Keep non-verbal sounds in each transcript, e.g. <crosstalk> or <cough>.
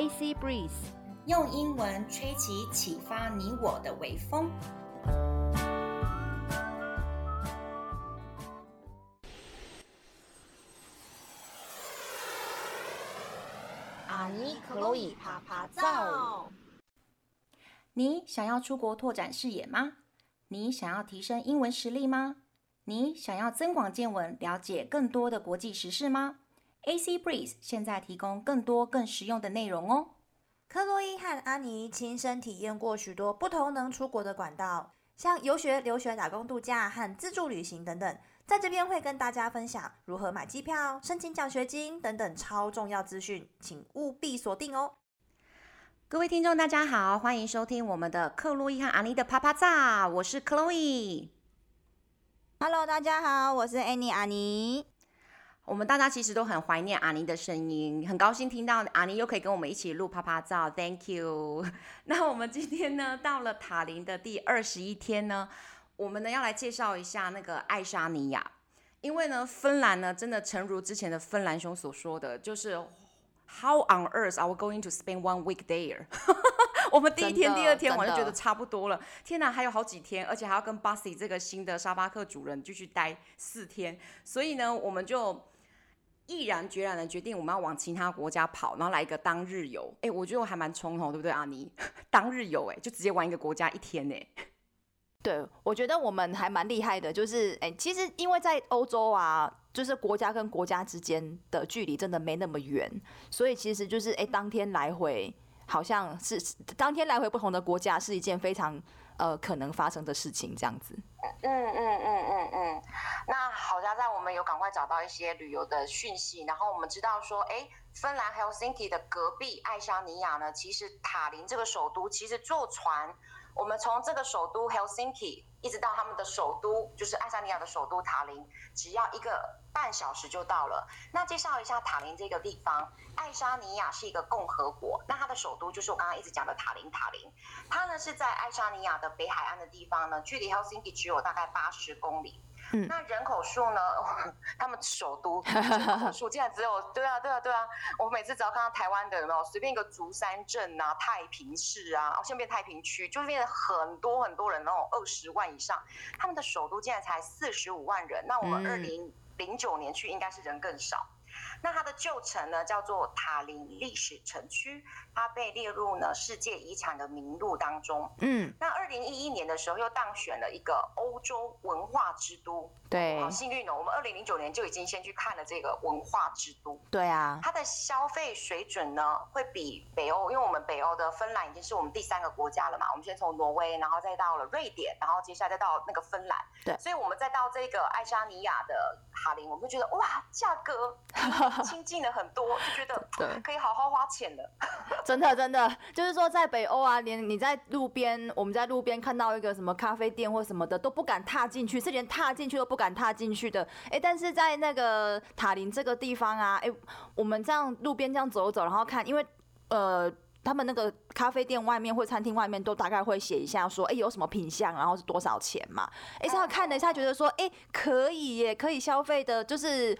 AC Breeze，用英文吹起，啟發你我的微風。阿尼克洛伊趴趴造，你想要出國拓展視野嗎？你想要提升英文實力嗎？你想要增廣見聞，了解更多的國際時事嗎？AC Breeze 現在提供更多更實用的內容哦。克洛伊和阿尼親身體驗過許多不同能出國的管道，像遊學、留學、打工度假和自助旅行等等。在這邊會跟大家分享如何買機票、申請獎學金等等超重要資訊，請務必鎖定哦。各位聽眾，大家好，歡迎收聽我們的克洛伊和阿尼的趴趴造，我是克洛伊。Hello，大家好，我是阿尼。阿尼。我們大家其實都很懷念阿尼的聲音，很高興聽到阿尼又可以跟我們一起錄趴趴造。Thank you。那我們今天呢，到了塔林的第二十一天呢，我們呢要來介紹一下那個愛沙尼亞，因為呢，芬蘭呢真的誠如之前的芬蘭兄所說的，就是 How on earth are we going to spend one week there？ <laughs> 我們第一天、的第二天，我就的覺得差不多了。天啊，還有好幾天，而且還要跟 Bussy 這個新的沙巴克主人繼續待四天，所以呢，我們就。毅然決然的決定，我們要往其他國家跑，然後來一個當日遊。哎，我覺得我還蠻衝動，對不對，阿尼？當日遊，哎，就直接玩一個國家一天呢？對，我覺得我們還蠻厲害的，就是哎，其實因為在歐洲啊，就是國家跟國家之間的距離真的沒那麼遠，所以其實就是哎，當天來回好像是當天來回不同的國家是一件非常。呃，可能發生的事情這樣子。嗯嗯嗯嗯嗯。那好家在，我們有趕快找到一些旅遊的訊息，然後我們知道說，哎、欸，芬蘭 Helsinki 的隔壁愛沙尼亞呢，其實塔林這個首都，其實坐船，我們從這個首都 Helsinki，一直到他們的首都，就是愛沙尼亞的首都塔林，只要一個半小時就到了。那介紹一下塔林這個地方，愛沙尼亞是一個共和國，那它的首都就是我剛剛一直講的塔林。塔林，它呢是在愛沙尼亞的北海岸的地方呢，距離赫爾辛基只有大概八十公里。嗯，那人口數呢？他們首都人口數竟然只有……對啊，對啊，對啊！我每次只要看到台灣的，有沒有隨便一個竹山鎮啊、太平市啊，現在變太平區，就是變得很多很多人那種二十萬以上。他們的首都竟然才四十五萬人，那我們二零零九年去應該是人更少。那它的舊城呢，叫做塔林歷史城區，它被列入呢世界遺產的名錄當中。嗯，那二零一一年的時候又當選了一個歐洲文化之都。對，好幸運哦！我們二零零九年就已經先去看了這個文化之都。對啊，它的消費水準呢會比北歐，因為我們北歐的芬蘭已經是我們第三個國家了嘛。我們先從挪威，然後再到了瑞典，然後接下來再到那個芬蘭。對，所以我們再到這個愛沙尼亞的塔林，我們就覺得哇，價格。 <laughs> 親民了很多，就覺得可以好好花錢了。 <laughs> 真的，真的，就是說在北歐啊，連你在路邊，我們在路邊看到一個什麼咖啡店或什麼的都不敢踏進去，是連踏進去都不敢踏進去的。哎，但是在那個塔林這個地方啊，哎，我們這樣路邊這樣走走，然後看，因為呃，他們那個咖啡店外面或餐廳外面都大概會寫一下說，哎，有什麼品項，然後是多少錢嘛。哎，這看了一下，覺得說，哎，可以耶，可以消費的，就是。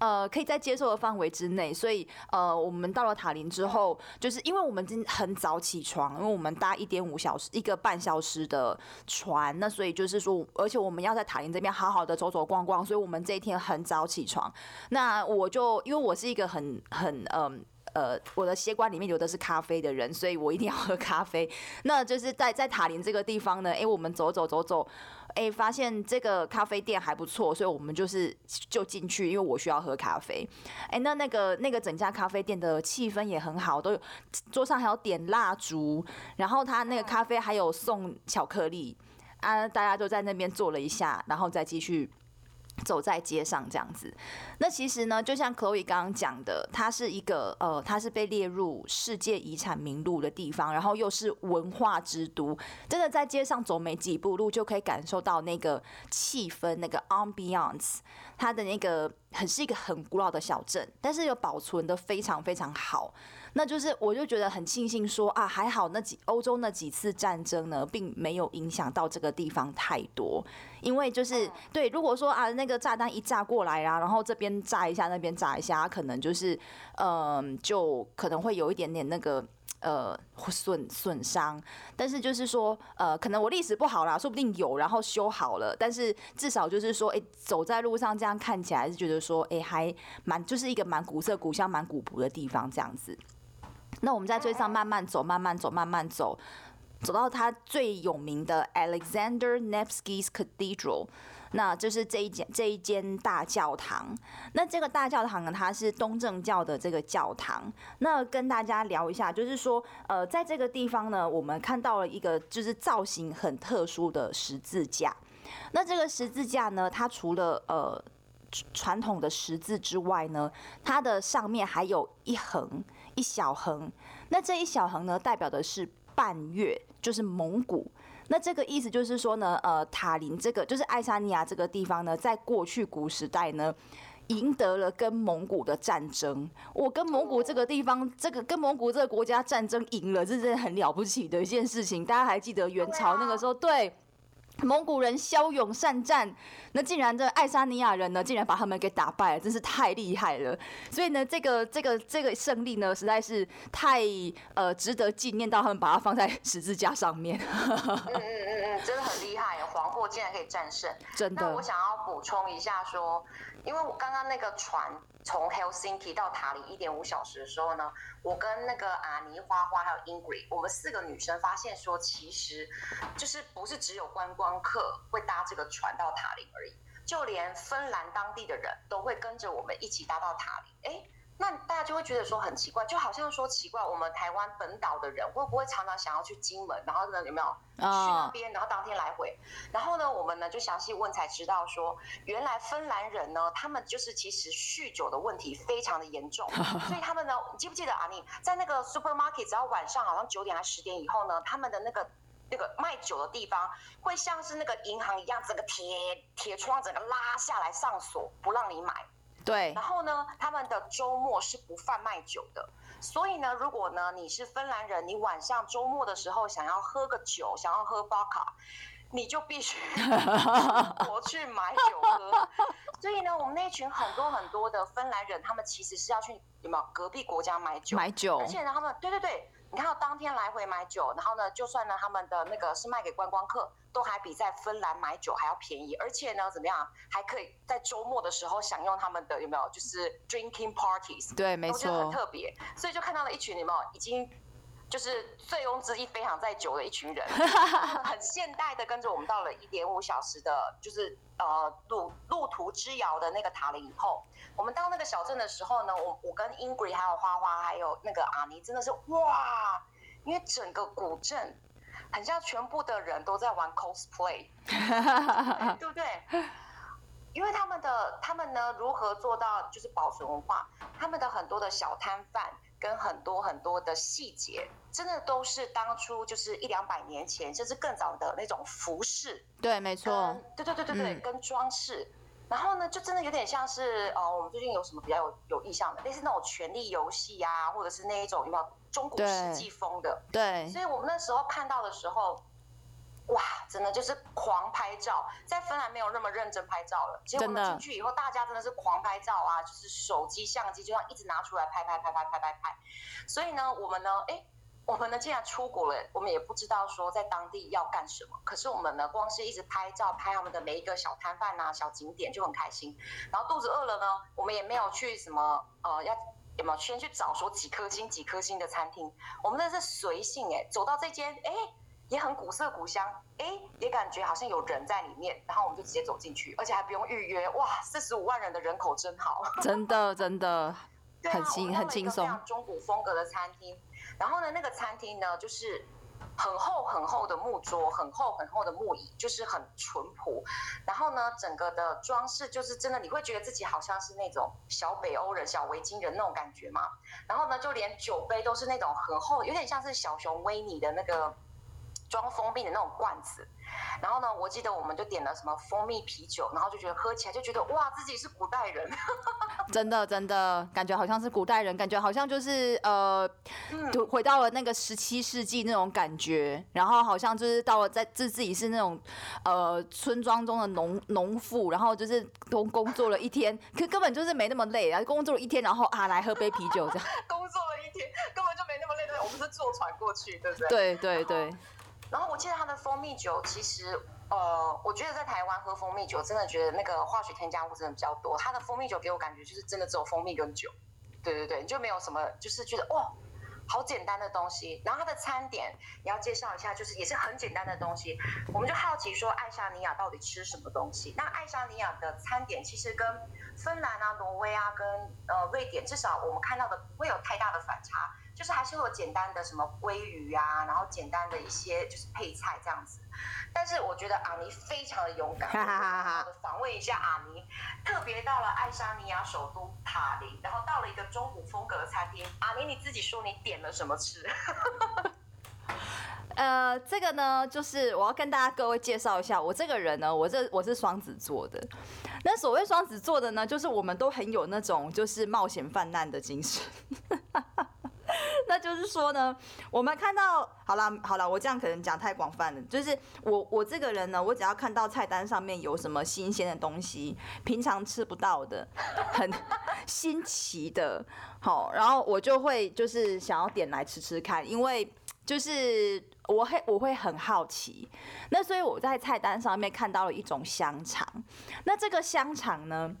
呃，可以在接受的範圍之內，所以呃，我們到了塔林之後，就是因為我們今很早起床，因為我們搭一點五小時，一個半小時的船，那所以就是說，而且我們要在塔林這邊好好的走走逛逛，所以我們這一天很早起床。那我就因為我是一個很很嗯。呃呃，我的血管裡面流的是咖啡的人，所以我一定要喝咖啡。那就是在在塔林這個地方呢，哎、欸，我們走走走走，哎、欸，發現這個咖啡店還不錯，所以我們就是就進去，因為我需要喝咖啡。哎、欸，那那個那個整家咖啡店的氣氛也很好，都有桌上還有點蠟燭，然後他那個咖啡還有送巧克力啊，大家都在那邊坐了一下，然後再繼續。走在街上這樣子，那其實呢，就像 Chloe 剛剛講的，它是一個呃，它是被列入世界遺產名錄的地方，然後又是文化之都，真的在街上走沒幾步路就可以感受到那個氣氛，那個 ambiance，它的那個。很是一個很古老的小鎮，但是又保存的非常非常好。那就是我就覺得很慶幸說，說啊還好那幾歐洲那幾次戰爭呢，並沒有影響到這個地方太多。因為就是、嗯、對，如果說啊那個炸彈一炸過來啊，然後這邊炸一下，那邊炸一下、啊，可能就是嗯、呃、就可能會有一點點那個。呃，損損傷，但是就是說，呃，可能我歷史不好啦，說不定有，然後修好了，但是至少就是說，哎、欸，走在路上這樣看起來是覺得說，哎、欸，還蠻就是一個蠻古色古香、蠻古樸的地方這樣子。那我們在路上慢慢走，慢慢走，慢慢走，走到它最有名的 Alexander Nevsky's Cathedral。那就是這一間這一間大教堂。那這個大教堂呢，它是東正教的這個教堂。那跟大家聊一下，就是說，呃，在這個地方呢，我們看到了一個就是造型很特殊的十字架。那這個十字架呢，它除了呃傳統的十字之外呢，它的上面還有一橫一小橫。那這一小橫呢，代表的是半月，就是蒙古。那這個意思就是說呢，呃，塔林這個就是愛沙尼亞這個地方呢，在過去古時代呢，贏得了跟蒙古的戰爭。我跟蒙古這個地方，這個跟蒙古這個國家戰爭贏了，這是很了不起的一件事情。大家還記得元朝那個時候對啊，對？蒙古人驍勇善戰，那竟然這愛沙尼亞人呢，竟然把他們給打敗了，真是太厲害了。所以呢，這個這個這個勝利呢，實在是太呃值得紀念，到他們把它放在十字架上面。嗯嗯嗯嗯，真的很厲害，黃禍竟然可以戰勝。真的。那我想要補充一下說。因為我剛剛那個船從 Helsinki 到塔林一點五小時的時候呢，我跟那個阿尼花花還有 Ingrid，我們四個女生發現說，其實就是不是只有觀光客會搭這個船到塔林而已，就連芬蘭當地的人都會跟着我們一起搭到塔林。哎。那大家就會覺得說很奇怪，就好像說奇怪，我們台灣本島的人會不會常常想要去金門，然後呢，有沒有去那邊，然後當天來回？Oh. 然後呢，我們呢就詳細問才知道說，原來芬蘭人呢，他們就是其實酗酒的問題非常的嚴重，oh. 所以他們呢，你記不記得阿尼、啊、你在那個 supermarket 只要晚上好像九點還十點以後呢，他們的那個那個賣酒的地方會像是那個銀行一樣，整個鐵鐵窗整個拉下來上鎖，不讓你買。對，然後呢，他們的周末是不販賣酒的，所以呢，如果呢你是芬蘭人，你晚上周末的時候想要喝個酒，想要喝巴卡，你就必須哈，出國去買酒喝。 <laughs> 所以呢，我們那群很多很多的芬蘭人，他們其實是要去什麼隔壁國家買酒買酒，而且呢，他們對對對。你看到當天來回買酒，然後呢，就算呢他們的那個是賣給觀光客，都還比在芬蘭買酒還要便宜，而且呢，怎麼樣，還可以在周末的時候享用他們的有沒有，就是 drinking parties？對，沒錯，我覺得很特別，所以就看到了一群你有沒有已經。就是醉翁之意非常在酒的一群人，很現代的跟着我們到了一點五小時的，就是呃路路途之遙的那個塔林以後，我們到那個小鎮的時候呢，我我跟 Ingrid 還有花花還有那個阿尼真的是哇，因為整個古鎮，很像全部的人都在玩 cosplay， <laughs> 對不對？因為他們的他們呢如何做到就是保存文化，他們的很多的小攤販。跟很多很多的細節，真的都是當初就是一兩百年前，甚至更早的那種服飾，對，沒錯，對對對對對，嗯、跟裝飾，然後呢，就真的有點像是呃、哦，我們最近有什麼比較有有印象的，類似那種權力遊戲啊，或者是那一種有沒有中古世紀風的？對，對所以我們那時候看到的時候，哇，真的就是。狂拍照，在芬蘭沒有那麼認真拍照了。其實我們進去以後，大家真的是狂拍照啊，的就是手機相機就要一直拿出來拍拍拍拍拍拍拍。所以呢，我們呢，哎、欸，我們呢，既然出國了、欸，我們也不知道說在當地要幹什麼。可是我們呢，光是一直拍照，拍他們的每一個小攤販吶、小景點就很開心。然後肚子餓了呢，我們也沒有去什麼呃，要有沒有先去找說幾顆星幾顆星的餐廳。我們那是隨性哎，走到這間哎。欸也很古色古香，誒、欸，也感覺好像有人在裡面，然後我們就直接走進去，而且還不用預約，哇，四十五萬人的人口真好，真的真的、 <laughs> 啊、很輕很輕鬆。中古風格的餐廳，然後呢，那個餐廳呢就是很厚很厚的木桌，很厚很厚的木椅，就是很淳樸。然後呢，整個的裝飾就是真的，你會覺得自己好像是那種小北歐人、小維京人那種感覺嘛。然後呢，就連酒杯都是那種很厚，有點像是小熊維尼的那個。裝蜂蜜的那種罐子，然後呢，我記得我們就點了什麼蜂蜜啤酒，然後就覺得喝起來就覺得哇，自己是古代人， <laughs> 真的真的感覺好像是古代人，感覺好像就是呃，嗯、回到了那個十七世紀那種感覺，然後好像就是到了在自自己是那種呃村莊中的農農婦，然後就是都工作了一天， <laughs> 可根本就是沒那麼累啊，工作了一天，然後啊來喝杯啤酒這樣， <laughs> 工作了一天根本就沒那麼累，我們是坐船過去，對不對？對對對。對對 <laughs> 然後我記得它的蜂蜜酒，其實，呃，我覺得在台灣喝蜂蜜酒，真的覺得那個化學添加物真的比較多。它的蜂蜜酒給我感覺就是真的只有蜂蜜跟酒，對對對，你就沒有什麼，就是覺得哇，哦，好簡單的東西。然後它的餐點，你要介紹一下，就是也是很簡單的東西。我們就好奇說愛沙尼亞到底吃什麼東西？那愛沙尼亞的餐點其實跟芬蘭啊，挪威啊，跟呃瑞典，至少我們看到的不會有太大的反差。就是還是會有簡單的什麼鮭魚啊，然後簡單的一些就是配菜這樣子。但是我覺得阿尼非常的勇敢，我 <laughs> 訪問一下阿尼，特別到了愛沙尼亞首都塔林，然後到了一個中古風格的餐廳。阿尼你自己說你點了什麼吃？ <laughs> 呃，這個呢，就是我要跟大家各位介紹一下，我這個人呢，我這我是雙子座的。那所謂雙子座的呢，就是我們都很有那種就是冒險犯難的精神。 <laughs> 那就是說呢，我們看到，好了好了，我這樣可能講太廣泛了，就是我我這個人呢，我只要看到菜單上面有什麼新鮮的東西，平常吃不到的，很新奇的，好，然後我就會就是想要點來吃吃看，因為就是我很我會很好奇。那所以我在菜單上面看到了一種香腸，那這個香腸呢，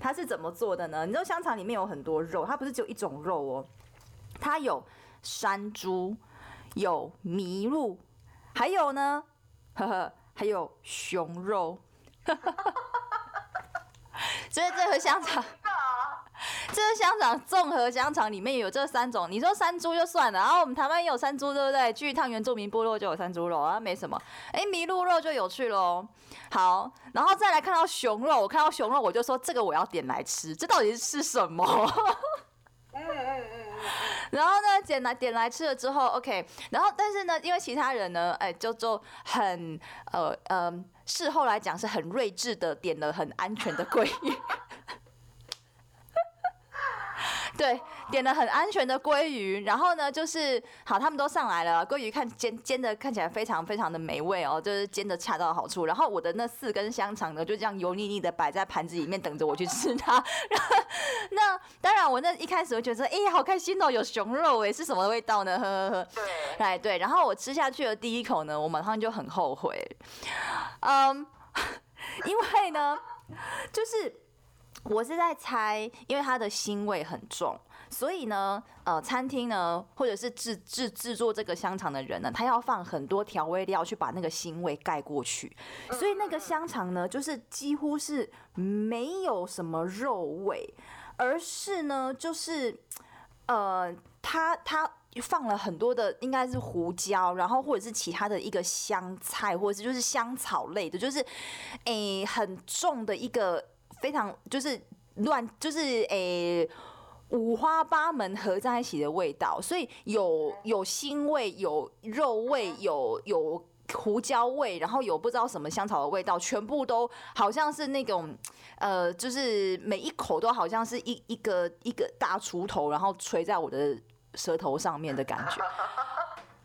它是怎麼做的呢？你知道香腸裡面有很多肉，它不是只有一種肉哦。它有山豬，有麋鹿，還有呢，呵呵，還有熊肉， <laughs> 所以這盒香腸， <laughs> 這個香腸綜合香腸裡面有這三種，你說山豬就算了，然後我們台灣也有山豬，對不對？去一趟原住民部落就有山豬肉啊，沒什麼。哎、欸，麋鹿肉就有趣嘍。好，然後再來看到熊肉，我看到熊肉我就說這個我要點來吃，這到底是吃什麼？ <laughs> 然後呢，點來點來吃了之後，OK。然後，但是呢，因為其他人呢，哎，就就很呃呃，事後來講是很睿智的，點了很安全的鮭魚。 <laughs> 對，點了很安全的鮭魚，然後呢，就是好，他們都上來了，鮭魚看煎煎的，看起來非常非常的美味哦，就是煎的恰到好處。然後我的那四根香腸呢，就這樣油膩膩的擺在盤子裡面，等着我去吃它。 <laughs> 那當然，我那一開始我覺得，哎、欸，好開心哦、喔，有熊肉，哎，是什麼味道呢？呵呵呵。哎對，然後我吃下去的第一口呢，我馬上就很後悔，嗯、um, <laughs> 因為呢，就是。我是在猜，因為它的腥味很重，所以呢，呃，餐廳呢，或者是製製製作這個香腸的人呢，他要放很多調味料去把那個腥味蓋過去，所以那個香腸呢，就是幾乎是沒有什麼肉味，而是呢，就是，呃，他他放了很多的應該是胡椒，然後或者是其他的一個香菜，或者是就是香草類的，就是，誒、欸，很重的一個。非常就是亂，就是誒、就是欸、五花八門合在一起的味道，所以有有腥味，有肉味，有有胡椒味，然後有不知道什麼香草的味道，全部都好像是那種呃，就是每一口都好像是一一個一個大鋤頭，然後捶在我的舌頭上面的感覺。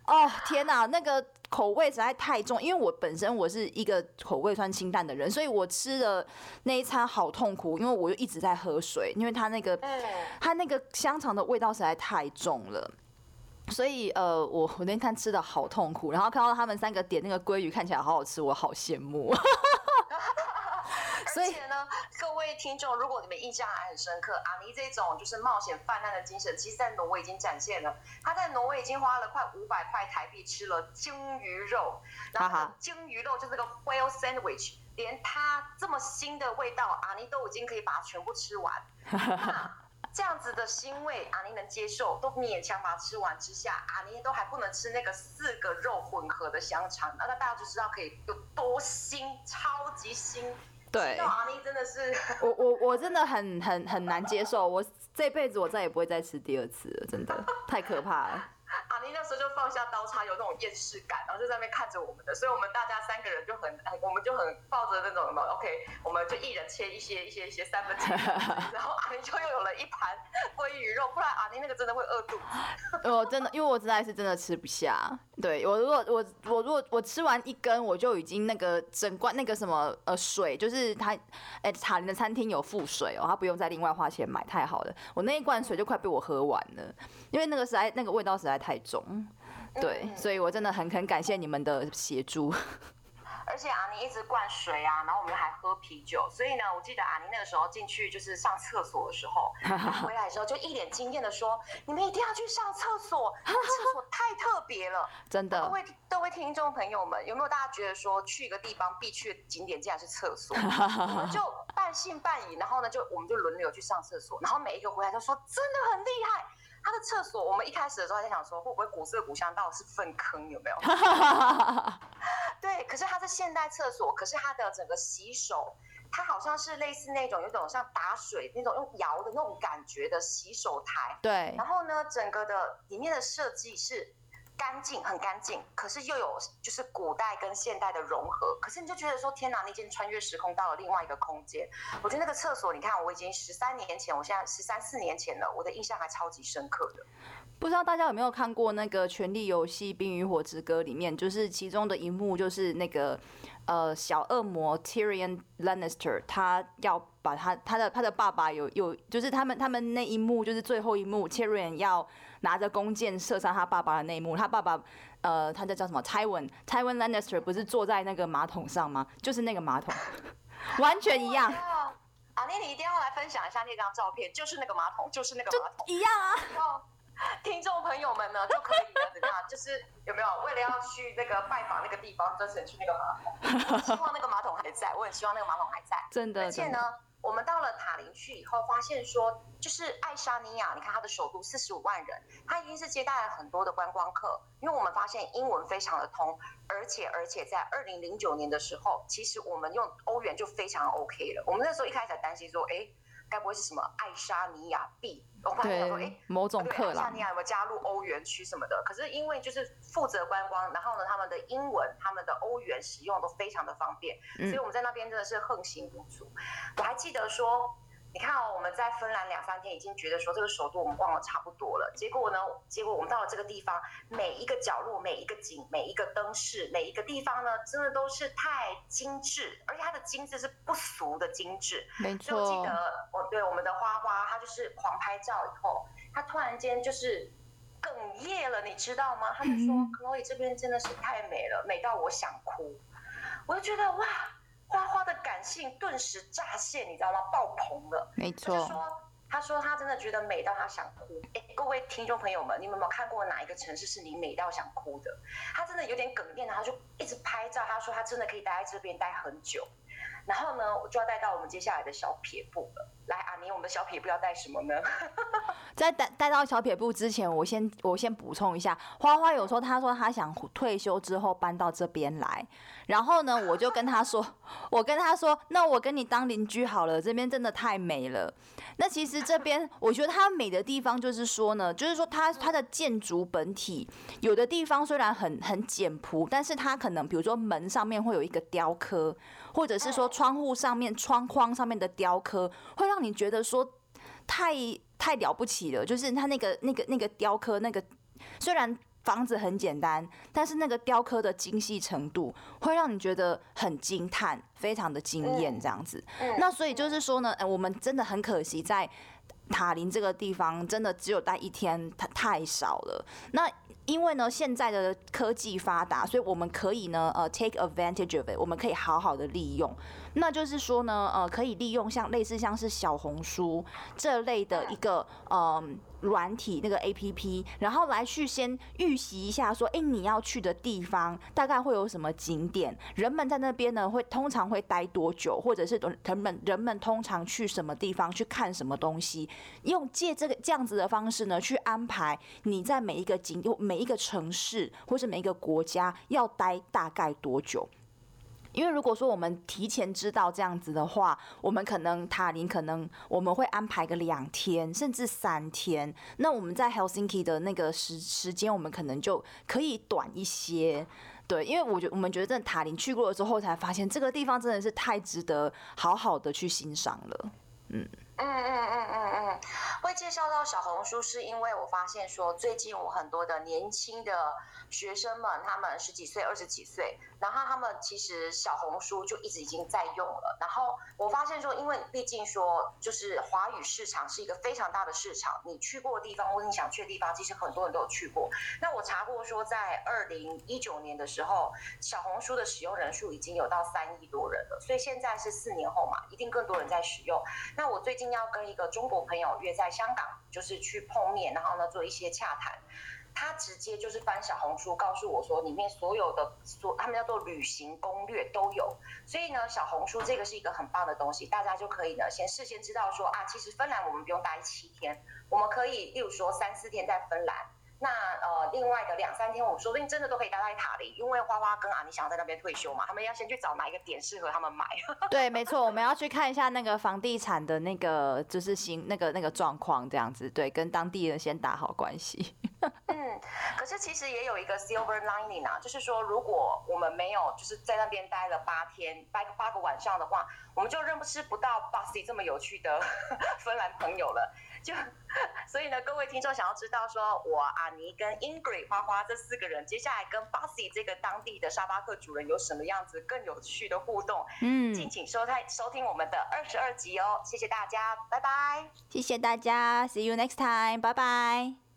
哦天哪、啊，那個。口味實在太重，因為我本身我是一個口味算清淡的人，所以我吃的那一餐好痛苦，因為我就一直在喝水，因為它那個，它那個香腸的味道實在太重了，所以呃，我我那天看吃的好痛苦，然後看到他們三個點那個鮭魚看起來好好吃，我好羨慕。 <laughs> 而且呢，各位聽眾，如果你們印象還很深刻，阿尼這種就是冒險犯難的精神，其實在挪威已經展現了。他在挪威已經花了快五百塊台幣吃了鯨魚肉，好好然後鯨魚肉就是這個 whale sandwich，連它這麼腥的味道，阿尼都已經可以把它全部吃完。哈，這樣子的腥味，阿尼能接受，都勉強把它吃完之下，阿尼都還不能吃那個四個肉混合的香腸，那那大家就知道可以有多腥，超級腥。對，阿尼真的是我我我真的很很很難接受，我這輩子我再也不會再吃第二次了，真的太可怕了。阿尼那時候就放下刀叉，有那種厭世感，然後就在那邊看着我們的，所以我們大家三個人。就一人切一些、一些、一些三分之一， <laughs> 然後阿尼就又有了一盤鮭魚肉，不然阿、啊、尼那個真的會餓肚子。 <laughs> 我真的，因為我實在是真的吃不下。對，我如果我我如果我吃完一根，我就已經那個整罐那個什麼呃水，就是他哎塔林、欸、的餐廳有附水哦、喔，他不用再另外花錢買，太好了。我那一罐水就快被我喝完了，因為那個實在那個味道實在太重。對，嗯嗯所以我真的很很感謝你們的協助。而且阿尼一直灌水啊，然後我們還喝啤酒，所以呢，我記得阿尼那個時候進去就是上廁所的時候，回來的時候就一臉驚豔的說：“ <laughs> 你們一定要去上廁所，那廁所太特別了。 <laughs> 都會”真的，各位各位聽眾朋友們，有沒有大家覺得說去一個地方必去的景點竟然是廁所？我們 <laughs> 就半信半疑，然後呢就我們就輪流去上廁所，然後每一個回來都說真的很厲害。它的廁所，我們一開始的時候還在想說，會不會古色古香，到底是糞坑有沒有？ <laughs> 對，可是它是現代廁所，可是它的整個洗手，它好像是類似那種，有種像打水那種用搖的那種感覺的洗手台。對，然後呢，整個的裡面的設計是。乾淨，很乾淨，可是又有就是古代跟現代的融合，可是你就覺得說，天哪，那間穿越時空到了另外一個空間。我覺得那個廁所，你看，我已經十三年前，我現在十三四年前了，我的印象還超級深刻的。不知道大家有沒有看過那個《權力遊戲：冰與火之歌》裡面，就是其中的一幕，就是那個呃小惡魔 Tyrion Lannister，他要把他他的他的爸爸有有，就是他們他們那一幕就是最後一幕，Tyrion 要。拿着弓箭射殺他爸爸的內幕，他爸爸，呃，他叫叫什麼？Tywin，Tywin Lannister 不是坐在那個馬桶上嗎？就是那個馬桶， <laughs> 完全一樣。阿尼、啊啊、你一定要來分享一下那張照片，就是那個馬桶，就是那個馬桶，一樣啊。後聽眾朋友們呢，都可以怎麼樣？就是有沒有為了要去那個拜訪那個地方，就是去那個馬桶？ <laughs> 我希望那個馬桶還在，我很希望那個馬桶還在。真的，而且呢真的。我們到了塔林去以後，發現說就是愛沙尼亞，你看它的首都四十五萬人，它已經是接待了很多的觀光客，因為我們發現英文非常的通，而且而且在二零零九年的時候，其實我們用歐元就非常 OK 了，我們那時候一開始還擔心說，哎。該不會是什麼愛沙尼亞幣？我還在想說，哎，某種可能。愛沙尼亞有沒有加入歐元區什麼的？可是因為就是負責觀光，然後呢，他們的英文、他們的歐元使用都非常的方便，所以我們在那邊真的是橫行無阻。嗯、我還記得說。你看、哦，我們在芬蘭兩三天，已經覺得說這個首都我們逛的差不多了。結果呢，結果我們到了這個地方，每一個角落、每一個景、每一個燈飾、每一個地方呢，真的都是太精緻，而且它的精緻是不俗的精緻。沒錯。所以我記得，我對我們的花花，她就是狂拍照以後，她突然間就是哽咽了，你知道嗎？她就說、嗯、Chloe，這邊真的是太美了，美到我想哭。我就覺得，哇。花花的感性頓時乍現，你知道嗎？爆棚了！沒錯，他說，他說他真的覺得美到他想哭。哎，各位聽眾朋友們，你們有沒有看過哪一個城市是你美到想哭的？他真的有點哽咽，然後就一直拍照。他說他真的可以待在這邊待很久。然後呢，我就要帶到我們接下來的小撇步了。我們小撇步要帶什麼呢？ <laughs> 在帶帶到小撇步之前我，我先我先補充一下，花花有說，她說她想退休之後搬到這邊來，然後呢，我就跟她說， <laughs> 我跟她說，那我跟你當鄰居好了，這邊真的太美了。 <laughs> 那其實這邊，我覺得它美的地方就是說呢，就是說它它的建築本體，有的地方雖然很很簡樸，但是它可能比如說門上面會有一個雕刻，或者是說窗戶上面窗框上面的雕刻，會讓你覺得說太太了不起了，就是它那個那個那個雕刻那個，雖然房子很簡單，但是那個雕刻的精細程度。會讓你覺得很驚嘆，非常的驚艷這樣子。嗯嗯、那所以就是說呢，我們真的很可惜，在塔林這個地方真的只有待一天，太太少了。那因為呢，現在的科技發達，所以我們可以呢，呃，take advantage of it，我們可以好好的利用。那就是說呢，呃，可以利用像類似像是小紅書這類的一個、嗯、呃軟體那個 APP，然後來去先預習一下，說，哎、欸，你要去的地方大概會有什麼景點。點人們在那邊呢，會通常會待多久，或者是人們人們通常去什麼地方去看什麼東西，用借這個這樣子的方式呢，去安排你在每一個景、每一個城市或是每一個國家要待大概多久。因為如果說我們提前知道這樣子的話，我們可能塔林可能我們會安排個兩天甚至三天，那我們在 Helsinki 的那個時時間，我們可能就可以短一些。對，因為我覺得我們覺得在塔林去過了之後，才發現這個地方真的是太值得好好的去欣賞了。嗯。嗯嗯嗯嗯嗯，會介紹到小紅書，是因為我發現說，最近我很多的年輕的學生們，他們十幾歲、二十幾歲，然後他們其實小紅書就一直已經在用了。然後我發現說，因為畢竟說，就是華語市場是一個非常大的市場，你去過的地方，或者你想去的地方，其實很多人都有去過。那我查過說，在二零一九年的時候，小紅書的使用人數已經有到三億多人了，所以現在是四年後嘛，一定更多人在使用。那我最近，要跟一個中國朋友約在香港，就是去碰面，然後呢，做一些洽談。他直接就是翻小紅書，告訴我說裡面所有的，說他們要做旅行攻略都有。所以呢，小紅書這個是一個很棒的東西，大家就可以呢先事先知道說啊，其實芬蘭我們不用待七天，我們可以例如說三四天在芬蘭。那呃，另外的兩三天，我們說不定真的都可以待在塔林，因為花花跟阿尼想要在那邊退休嘛，他們要先去找哪一個點適合他們買。 <laughs> 對，沒錯，我們要去看一下那個房地產的那個就是行那個那個狀況這樣子，對，跟當地人先打好關係。嗯，可是其實也有一個 silver lining 啊，就是說如果我們沒有就是在那邊待了八天八八個晚上的話，我們就認識不到 Bussy 這麼有趣的芬蘭朋友了。就所以呢，各位聽眾想要知道說，我阿尼跟 Ingrid 花花這四個人接下來跟 Bussy 這個當地的沙巴克主人有什麼樣子更有趣的互動，嗯，敬請請收聽收聽我們的二十二集哦。謝謝大家，拜拜。謝謝大家，See you next time，拜拜。